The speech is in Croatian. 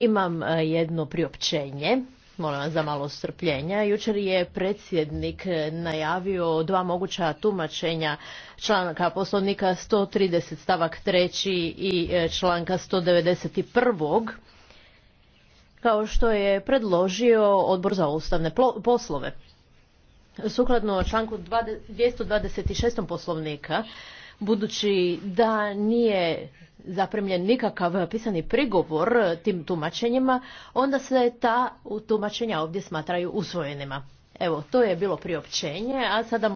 Imam e, jedno priopćenje, molim vas za malo strpljenja. Jučer je predsjednik e, najavio dva moguća tumačenja e, članka poslovnika 130 stavak 3 i članka 191 kao što je predložio odbor za ustavne poslove. Sukladno članku 226. poslovnika, budući da nije zapremljen nikakav pisani prigovor tim tumačenjima, onda se ta tumačenja ovdje smatraju usvojenima. Evo, to je bilo priopćenje, a sada